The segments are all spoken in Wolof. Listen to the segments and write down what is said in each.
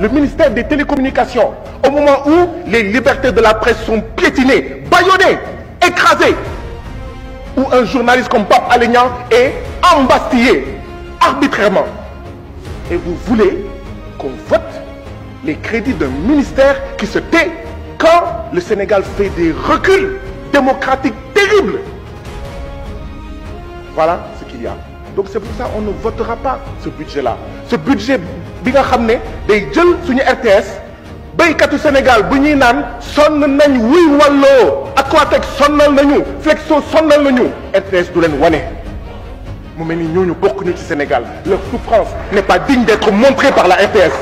le ministère des télécommunications au moment où les libertés de la presse sont piétinées, bâillonnées, écrasées, où un journaliste comme Pape Alignan est embastillé arbitrairement. Et vous voulez qu'on vote les crédits d'un ministère qui se tait quand le Sénégal fait des reculs démocratiques terribles. Voilà ce qu'il y a. Donc c'est pour ça qu'on ne votera pas ce budget-là. li nga xam ne day jël suñu RTS béykatu Sénégal bu ñuy naan sonn nañ wuy wàlloo Aquatec sonnal nañu Flexo sonnal nañu RTS du leen wane mu mel ni ñooñu bokk ñu ci Sénégal leur souffrance n'est pas digne d'être montrée par la RTS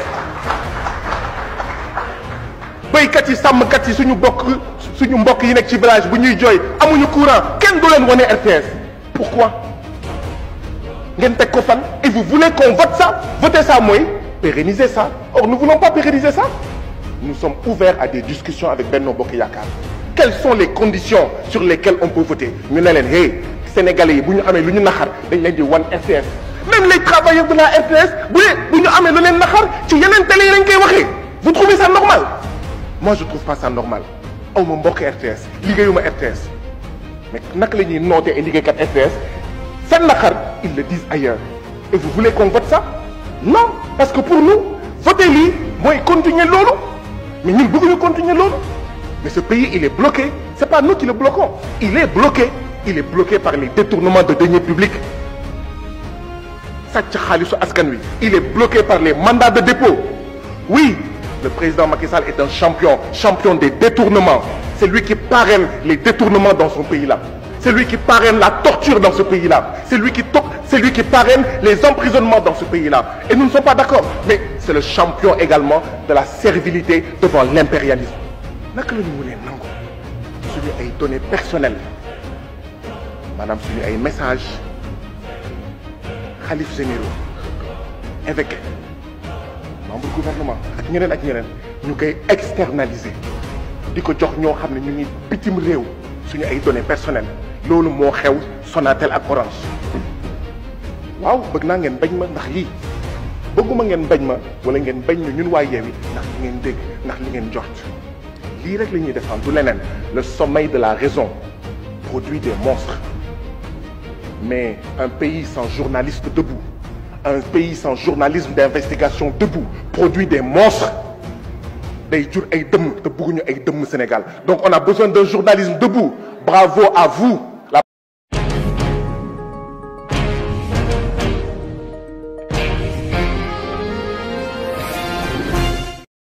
baykat yi sàmmkat yi suñu bokk suñu mbokk yi nekk ci village bu ñuy jooy amuñu courant kenn du leen wane RTS pourquoi ngeen teg ko fan et vous voulez qu'on vote ça voter pérenniser ça. Or, nous ne voulons pas pérenniser ça. Nous sommes ouverts à des discussions avec Benno Bokeyakar. Quelles sont les conditions sur lesquelles on peut voter Nous les hey, Sénégalais, si nous avons des nahar, nous avons one RTS. Même les travailleurs de la RTS, si nous avons des nahar, tu y a une télé Vous trouvez ça normal Moi, je ne trouve pas ça normal. On m'a RTS, l'IGEUMA RTS. Mais comment est-ce que nous avons RTS ils le disent ailleurs. Et vous voulez qu'on non parce que pour nous voter lii mooy continuer loolu mais ñun bëgguñu continuer loolu mais ce pays il est bloqué c'est pas nous qui le bloquons il est bloqué par les détournements de deniers publics sàcc xaalisu askan wi il est bloqué par les mandats de dépôt oui le président Macky Sall est un champion champion des détournements c'est lui qui parraine les détournements dans son pays là c'est lui qui parraine la torture dans ce pays là c'est lui qui toog c'est lui qui parraine les emprisonnements dans ce pays-là. Et nous ne sommes pas d'accord. Mais c'est le champion également de la servilité devant l'impérialisme. naka la ñu mënee nangu suñu ay données personnelles maanaam suñu ay messages xalif généraux évêque membre gouvernement ak ñeneen ak ñeneen ñu koy externaliser di ko jox ñoo xam ne ñu ngi bitim réew suñu ay données personnelles loolu moo xew Sonatel ak Orange. waaw bëgg naa ngeen bañ ma ndax yii bëgguma ngeen bañ ma wala ngeen bañ ñu ñun waa Yewwi ndax li ngeen dégg ndax li ngeen jot lii rek la ñuy défendre du leneen le sommeil de la raison produit des monstres mais un pays sans journaliste debout un pays sans journalisme d'investigation debout produit des monstres day jur ay dëmm te bëgguñu ay dëmm Sénégal donc on a besoin d'un journalisme debout bravo à vous